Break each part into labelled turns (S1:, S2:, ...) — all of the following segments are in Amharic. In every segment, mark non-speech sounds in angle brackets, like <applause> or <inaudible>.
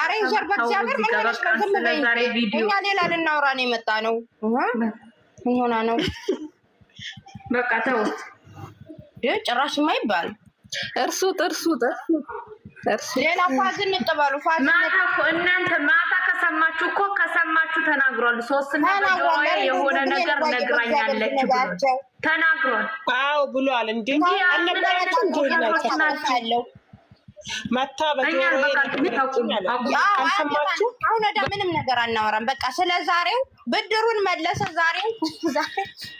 S1: አሬንጀር በእግዚአብሔር እኛ ሌላ ልናወራ ነው የመጣ ነው። ምን ሆና ነው? በቃ ተውት። ጭራሽ የማይባል
S2: እርሱት፣ እርሱት፣ እርሱት።
S1: ሌላ ፋዝ እንጥበሉ ፋዝ እናንተ ማታ ከሰማችሁ እኮ ከሰማችሁ ተናግሯል። ሶስትና የሆነ ነገር ነግራኛለች ተናግሯል።
S2: አዎ ብሏል። እንዲ
S1: ናቸው
S2: መታ በአልሰማችሁ።
S1: አሁን ወደ ምንም ነገር አናወራም። በቃ ስለ ዛሬው ብድሩን መለሰ። ዛሬው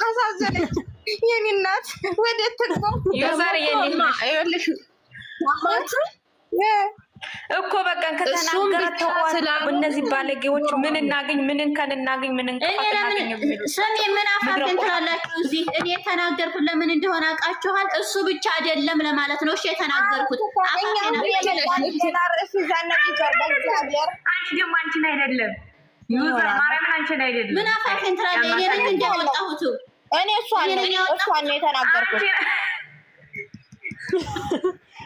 S1: አሳዘነች የኔ እናት። ወደ ትርጉም
S2: እኮ በቃ ከተናገረ ስላሉ እነዚህ ባለጌዎች ምን እናገኝ ምን እንከን እናገኝ ምን
S1: ስሜ ምን አፋፍን ትላላችሁ? እዚህ እኔ የተናገርኩት ለምን እንደሆነ አውቃችኋል። እሱ ብቻ አይደለም ለማለት ነው። እሺ የተናገርኩት አንቺ
S2: ደግሞ አንቺን አይደለም ዩዘር ማርያምን አንቺን አይደለም።
S1: ምን አፋፍን ትላለህ? እኔ ነኝ እንዳወጣሁት እኔ እሷን ነው የተናገርኩት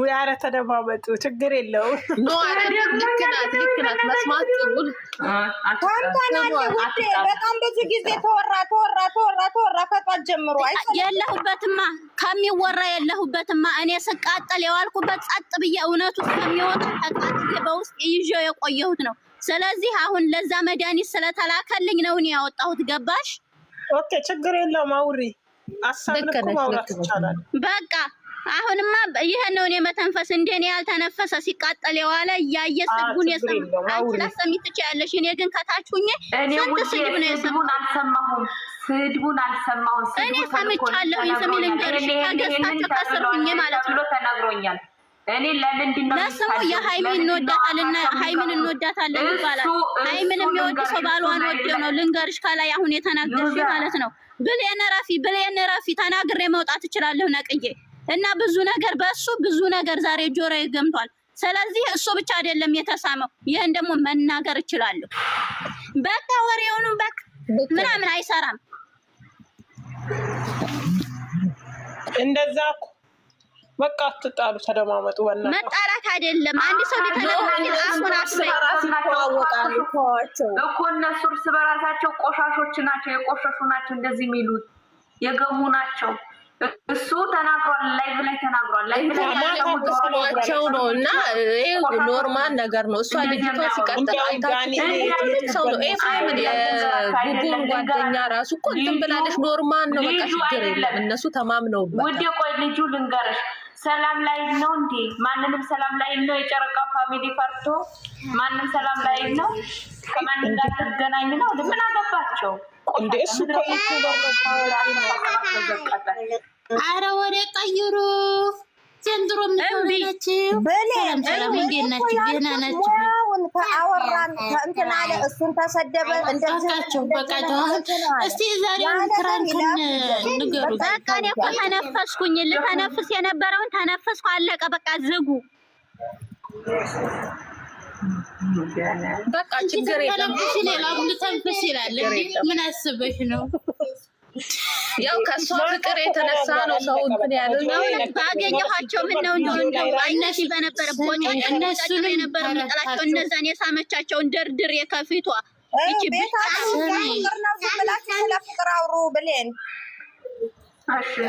S2: ኧረ ተደማመጡ፣ ችግር የለውም።
S1: በጣም ብዙ ጊዜ ተወራ ተወራ ተወራ ተወራ ከጧት ጀምሮ የለሁበትማ ከሚወራ የለሁበትማ እኔ ስቃጠል የዋልኩበት ጸጥ ብዬ እውነቱ ከሚወጡ ተቃጥ በውስጥ ይዤው የቆየሁት ነው። ስለዚህ አሁን ለዛ መድኃኒት ስለተላከልኝ ነው እኔ ያወጣሁት። ገባሽ?
S2: ኦኬ፣ ችግር የለውም። አውሪ አሳብልኩ ማውራት
S1: ይቻላል። በቃ አሁንማ ይሄ ነው እኔ መተንፈስ እንደኔ ያልተነፈሰ ሲቃጠል የዋለ እያየ ስጉን የሰሙ አንቺ ላሰሚ ትችያለሽ። እኔ ግን ከታች ሁኜ ስንት ስድብ ነው የሰማሁት።
S2: አልሰማሁም፣ ስድቡን አልሰማሁም።
S1: እኔ ሰምቻለሁ። ስሚ ልንገርሽ፣ ከገዝታቸው ከስር ሁኜ ማለት ነው ተናግሮኛል።
S2: እኔ ለምንድን
S1: ነው ለስሙ የሀይሚን እንወዳታልና ሀይሚን እንወዳታለን ይባላል። ሀይሚን የሚወድ ሰው ባሏን ወደው ነው ልንገርሽ፣ ከላይ አሁን የተናገርሽ ማለት ነው። ብሌን ረፊ ብሌን ረፊ ተናግሬ መውጣት እችላለሁ ነቅዬ እና ብዙ ነገር በእሱ ብዙ ነገር ዛሬ ጆሮ ገምቷል። ስለዚህ እሱ ብቻ አይደለም የተሳመው፣ ይህን ደግሞ መናገር እችላለሁ። በቃ ወሬውን በቃ ምናምን አይሰራም።
S2: እንደዛ በቃ አትጣሉ፣ ተደማመጡ።
S1: በእናትህ መጣላት አይደለም። አንድ ሰው ሊተለማሚል አሁን
S2: እኮ እነሱ እርስ በራሳቸው ቆሻሾች ናቸው፣ የቆሸሹ ናቸው፣ እንደዚህ የሚሉት የገቡ ናቸው። እሱ ተናግሯል። ላይቭ ላይ ተናግሯል። ላይቭ ላይ ተናግሯቸው ነው
S1: እና ኖርማል ነገር ነው። እሷ ልጅቷ ሲቀጥል ሰው ነው ኤፍሬምን የጉጉን ጓደኛ ራሱ እኮ እንትን ብላለች። ኖርማል ነው፣ በቃ ችግር የለም። እነሱ ተማምነውበት።
S2: ውድ ቆይ ልጁ ልንገርሽ ሰላም ላይ ነው እንዴ? ማንንም ሰላም ላይ ነው። የጨረቃ ፋሚሊ ፈርቶ ማንም ሰላም ላይ ነው። ከማንም ጋር ትገናኝ ነው። ምን አገባቸው? እንደ እሱ
S1: አረ ወደ ቀይሩ ዘንድሮ ምናችሁ እንዴት ናችሁ? ተነፈስኩኝ። ልተነፍስ የነበረውን ተነፈስኩ። አለቀ በቃ ዝጉ።
S2: በቃ ችግር
S1: የለም። ሌላ ተንፍስ ይላል። ምን አስበሽ ነው?
S2: ያው ከእሷ ፍቅር የተነሳ ነው ሰው እንትን
S1: ያለ ባገኘኋቸው ምን ነው እንደሆነ እንደው አይነሽ በነበረ ቦጫጭ እነሱ የነበረ መጠላቸው እነዛን የሳመቻቸውን ድርድር የከፊቷ
S2: ይቺ ቤታችሁ ነው ዝም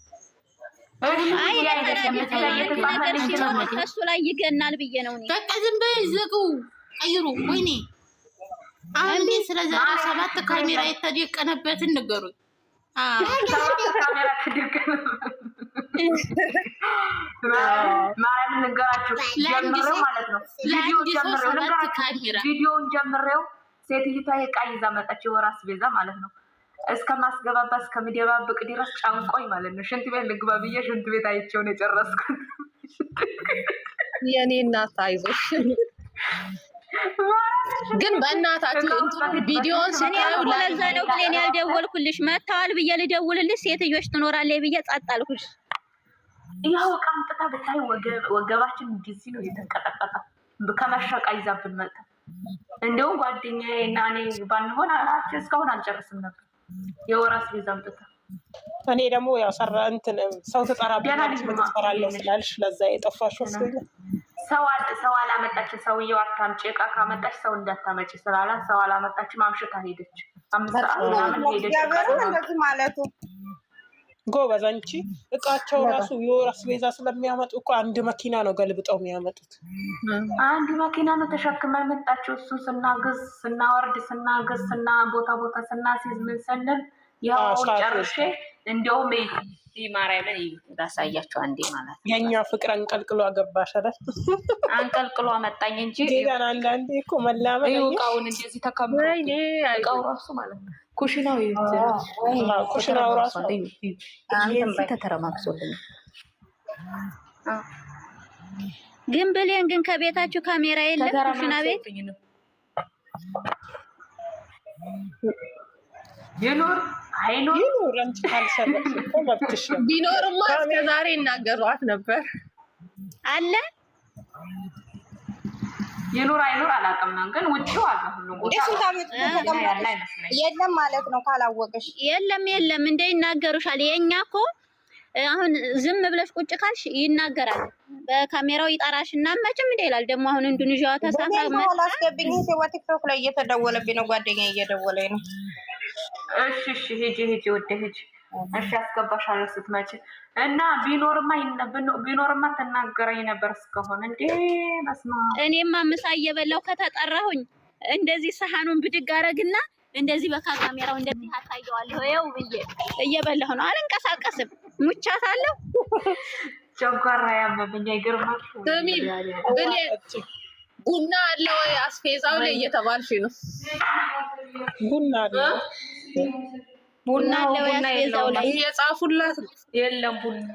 S1: አይ ላይ ይገናል ብዬ ነው። በቃ ዝም በይ ዝጉ፣ ቀይሩ። ወይኔ ስለ ሰባት ካሜራ የተደቀነበትን ንገሩኝ።
S2: ቪዲዮውን ጀምሬው ሴትዮዋ ይዛ መጣች፣ የወር አስቤዛ ማለት ነው እስከ እስከማስገባባት እስከሚደባብቅ ድረስ ጫንቆኝ ማለት ነው። ሽንት ቤት ልግባ ብዬ ሽንት ቤት አይቼውን የጨረስኩት
S1: የኔ እናት አይዞሽ። ግን በእናታችሁ ቪዲዮን ስታዩ ለዛ ነው ብሌን ያልደወልኩልሽ። መተዋል ብዬ ልደውልልሽ ሴትዮች ትኖራለች ብዬ ጸጥ አልኩሽ።
S2: ያው ቃምጥታ ብታይ ወገባችን እንዲዚ ነው የተንቀጠቀጠ ከመሸቃ ይዛብን መጣ። እንደውም ጓደኛዬ እና እኔ ባንሆን እስካሁን አልጨርስም ነበር። የወር አስቤዛ አምጥታ እኔ ደግሞ ያው ሰራ እንትን ሰው ተጠራብሽ ትፈራለሁ ስላልሽ ለዛ የጠፋሽ መስሎኛል። ሰው አላመጣች። ሰውየው አታምጪ እቃ ካመጣች ሰው እንዳታመጪ ስላላት ሰው አላመጣችም። አምሽታ ሄደች። አምስት
S1: ሄደች ማለቱ
S2: ጎበዝ አንቺ። እቃቸው ራሱ የወር አስቤዛ ስለሚያመጡ እኮ አንድ መኪና ነው ገልብጠው የሚያመጡት። አንድ መኪና ነው ተሸክመ የመጣችው። እሱ ስናግዝ ስናወርድ፣ ስናግዝ ስና ቦታ ቦታ ስናስይዝ ምን ስንል ጨርሼ እንደውም ማርያምን ላሳያቸው አንዴ ማለት
S1: የእኛ ፍቅር አንቀልቅሎ አገባሽ አይደል? <laughs>
S2: አንቀልቅሎ አመጣኝ እንጂ
S1: ዜናን አንዳንዴ እኮ መላመን
S2: እቃውን እንደዚህ ተከምሮ
S1: እቃው ራሱ ማለት ነው ኩሽናው
S2: ኩሽናው ራሱ
S1: ተተረማምሶልን ግን ብሌን ግን ከቤታችሁ ካሜራ የለም
S2: ኩሽና ቤት ይኑር
S1: ቢኖርማ እስከ ዛሬ እናገሯት ነበር አለ
S2: ይኑር አይኑር አላውቅም፣ ግን ውጪው አለ
S1: ሁሉም ቦታ የለም ማለት ነው። ካላወቅሽ የለም የለም፣ እንደ ይናገሩሻል። የእኛ እኮ አሁን ዝም ብለሽ ቁጭ ካልሽ ይናገራል። በካሜራው ይጠራሽ እና መችም እንደ ይላል ደግሞ አሁን እንዱንዣዋ
S2: ተሳፋ መጣ። ላስገብኝ ቲክቶክ ላይ እየተደወለብኝ ነው፣ ጓደኛ እየደወለኝ ነው እሺ እሺ፣ ሂጂ ሂጂ፣ ወደ ሂጂ። እሺ አስገባሻለሁ ስትመጪ እና ቢኖርማ ቢኖርማ ተናገረኝ ነበር እስካሁን። እንዴ በስማ
S1: እኔማ ምሳ እየበላሁ ከተጠራሁኝ እንደዚህ ሰሃኑን ብድግ አረግና እንደዚህ በካ ካሜራው እንደዚህ አሳየዋለሁ። ይኸው ብዬ እየበላሁ ነው፣ አልንቀሳቀስም። ሙቻታለሁ፣
S2: ጨጓራ ያመመኝ። አይገርማል።
S1: ስሚ ግን ቡና አለ ወይ አስፌዛው ላይ እየተባልሽ ነው ቡና አለ ቡና
S2: እየጻፉላት ነው።
S1: የለም ቡና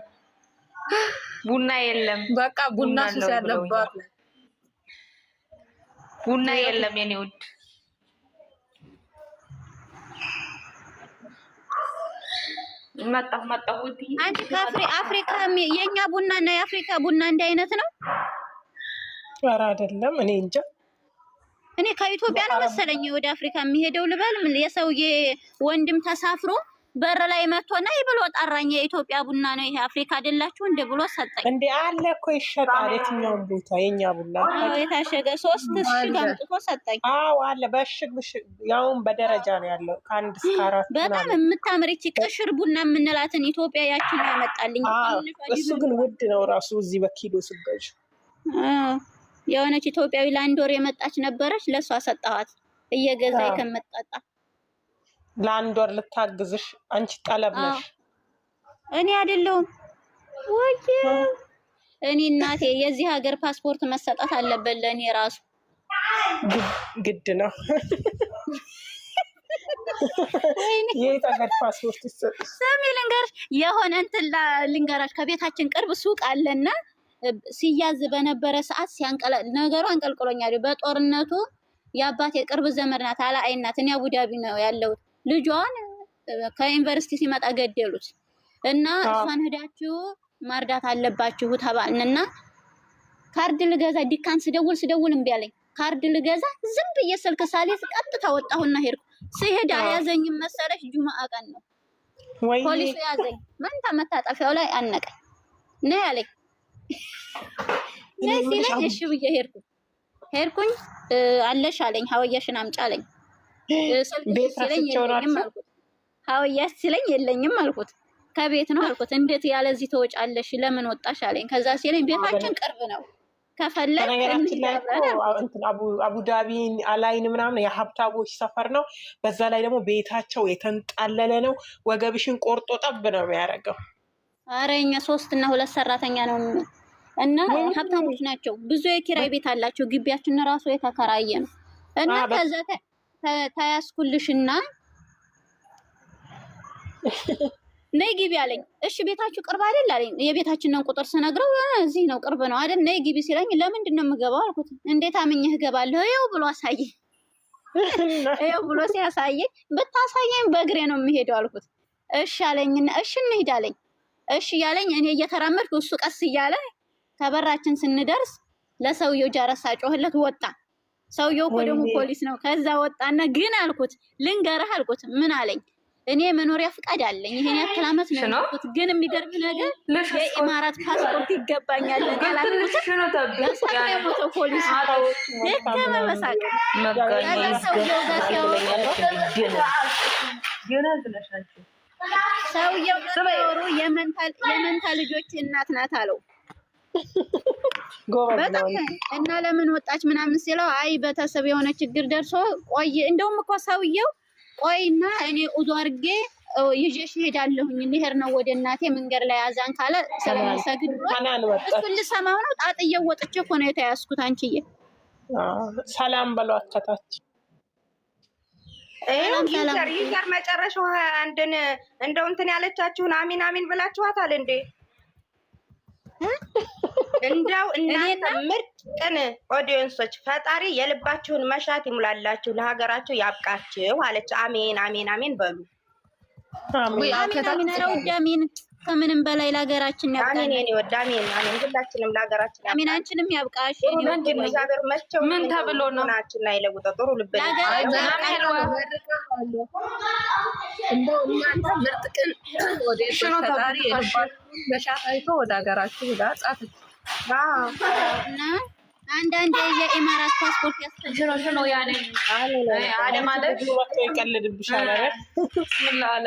S1: ቡና የለም።
S2: በቃ ቡና ሱስ ያለባት
S1: ቡና የለም። የኔ ውድ
S2: መጣሁ መጣሁ።
S1: አንቺ ከአፍሪካ የኛ ቡና እና የአፍሪካ ቡና እንዲህ አይነት ነው።
S2: ኧረ አይደለም እኔ እንጃ
S1: እኔ ከኢትዮጵያ ነው መሰለኝ ወደ አፍሪካ የሚሄደው ልበል። ምን የሰውዬ ወንድም ተሳፍሮ በር ላይ መጥቶ ይህ ብሎ ጠራኝ። የኢትዮጵያ ቡና ነው ይሄ አፍሪካ አይደላችሁ እንደ ብሎ ሰጠኝ።
S2: እንዴ አለ እኮ ይሸጣል የትኛውን ቦታ የኛ ቡና
S1: የታሸገ ሶስት እሽግ አምጥቶ ሰጠኝ።
S2: አዎ አለ በእሽግ ብሽግ፣ ያውም በደረጃ ነው ያለው ከአንድ እስከ
S1: አራት በጣም የምታምርች ቅሽር ቡና የምንላትን ኢትዮጵያ ያችን ያመጣልኝ።
S2: እሱ ግን ውድ ነው ራሱ እዚህ በኪሎ ስገዥ
S1: የሆነች ኢትዮጵያዊ ለአንድ ወር የመጣች ነበረች። ለእሷ ሰጠኋት እየገዛ ከምትጠጣ
S2: ለአንድ ወር ልታግዝሽ። አንቺ ጠለብ ነሽ፣
S1: እኔ አይደለሁም ወይ? እኔ እናቴ የዚህ ሀገር ፓስፖርት መሰጣት አለበት ለእኔ ራሱ
S2: ግድ ነው። ፓስፖርት
S1: ስሚ ልንገርሽ፣ የሆነ እንትን ልንገራሽ፣ ከቤታችን ቅርብ ሱቅ አለና ሲያዝ በነበረ ሰዓት ሲያንቀለ ነገሩ አንቀልቅሎኛል። በጦርነቱ የአባቴ ቅርብ ዘመድ ናት፣ አላአይ ናት። እኔ አቡዳቢ ነው ያለሁት። ልጇን ከዩኒቨርሲቲ ሲመጣ ገደሉት እና እሷን ሂዳችሁ ማርዳት አለባችሁ ተባልንና ካርድ ልገዛ ዲካን ስደውል ስደውል እምቢ አለኝ። ካርድ ልገዛ ዝም ብዬ ስልክ ሳልይዝ ቀጥታ ወጣሁና ሄድኩ። ስሄድ አያዘኝም መሰለሽ፣ ጁማ ቀን ነው። ፖሊሱ ያዘኝ መንታ መታጠፊያው ላይ አነቀኝ። ነ ያለኝ <laughs> ሲለኝ እሺ ብዬ ሄድኩኝ ሄድኩኝ አለሽ አለኝ። ሀወያሽን አምጪ አለኝ። ሀወያሽ ሲለኝ የለኝም አልኩት። ከቤት ነው አልኩት። እንዴት ያለዚህ ተወጫለሽ? ለምን ወጣሽ አለኝ። ከዛ ሲለኝ ቤታችን ቅርብ ነው
S2: ከፈለግነገራችን ላይ አላይን ምናምን የሀብታቦች ሰፈር ነው። በዛ ላይ ደግሞ ቤታቸው የተንጣለለ ነው። ወገብሽን ቆርጦ ጠብ ነው የሚያደርገው።
S1: ኧረ እኛ ሶስት እና ሁለት ሰራተኛ ነው እና ሀብታሞች ናቸው። ብዙ የኪራይ ቤት አላቸው። ግቢያችን ራሱ የተከራየ ነው እና ከዛ ተያዝኩልሽና <laughs> ነይ ግቢ አለኝ። እሺ ቤታችሁ ቅርብ አይደል አለኝ። የቤታችንን ቁጥር ስነግረው እዚህ ነው ቅርብ ነው አይደል ነይ ግቢ ሲለኝ ለምንድን ነው የምገባው አልኩት። እንዴት አምኜህ እገባለሁ? ይኸው ብሎ አሳየ። <laughs> ይኸው ብሎ ሲያሳየኝ ብታሳየኝ በእግሬ ነው የምሄደው አልኩት። እሺ አለኝና እሺ እንሂድ አለኝ። እሺ እያለኝ እኔ እየተራመድኩ እሱ ቀስ እያለ ከበራችን ስንደርስ ለሰውየው ጃረሳ ጮህለት ወጣ። ሰውየው እኮ ደግሞ ፖሊስ ነው። ከዛ ወጣና ግን አልኩት ልንገርህ አልኩት። ምን አለኝ? እኔ መኖሪያ ፍቃድ አለኝ ይሄን ያክል አመት ነው ያልኩት። ግን የሚገርም ነገር የኢማራት ፓስፖርት ይገባኛል
S2: ነገር አልኩት።
S1: የሞተው ፖሊስ ከመበሳቅ
S2: ከዛ ሰውየው ጋር ሲያወ
S1: ሰውየው ወሩ የመንታ ልጆች እናት ናት አለው። በጣም እና ለምን ወጣች ምናምን ሲለው አይ ቤተሰብ የሆነ ችግር ደርሶ ቆይ እንደውም እኮ ሰውየው ቆይና እኔ ኡዱ አድርጌ ይዤሽ እሄዳለሁኝ ልሄድ ነው ወደ እናቴ መንገድ ላይ አዛን ካለ ስለሚሰግድ እሱን ልሰማው ነው። ጣጥዬ ወጥቼ እኮ ነው የተያዝኩት አንቺዬ
S2: ሰላም በሏት ከታች ዩዘር መጨረሻው አንድን እንደው እንትን ያለቻችሁን አሚን አሚን ብላችኋታል እንዴ? እንደው እናንተ ምርጥ ቅን ኦዲየንሶች ፈጣሪ የልባችሁን መሻት ይሙላላችሁ፣ ለሀገራችሁ ያብቃችሁ አለች። አሜን አሜን አሜን በሉ።
S1: አሜን አሜን አሜን ከምንም በላይ ለሀገራችን ያብቃል። አንቺንም ያብቃሽ። ምን ተብሎ ነው ወደ ሀገራችሁ አንዳንድ የኢማራት ፓስፖርት
S2: ያስፈልጋል ነው ያለ አለ ማለት ይቀልድብሻል። ምን ላለ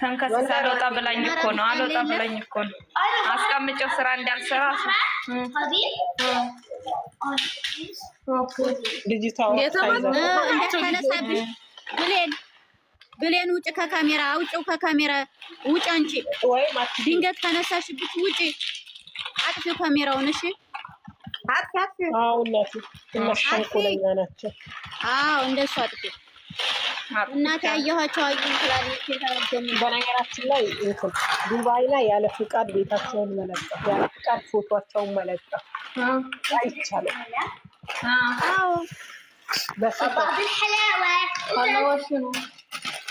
S2: ተንከስሳ አልወጣ ብላኝ እኮ ነው። አልወጣ ብላኝ እኮ ነው። አስቀምጨው ስራ እንዳልሰራ ብሌን ውጭ፣ ከካሜራ አውጭው፣ ከካሜራ ውጭ። አንቺ ድንገት ከነሳሽበት ውጭ፣ አጥፊው ካሜራውን። እሺ፣ አጥፊ አጥፊ። አዎ፣ እናቴ ትናሽ ተንኮለኛ ናቸው። አዎ፣ እንደሱ አጥፊ እናት ያየኋቸው አዩ ትላለች። በነገራችን ላይ እንትን ዱባይ ላይ ያለ ፍቃድ ቤታቸውን መለጠፍ፣ ያለ ፍቃድ ፎቶቸውን መለጠፍ አይቻልም። አዎ በፍቃድ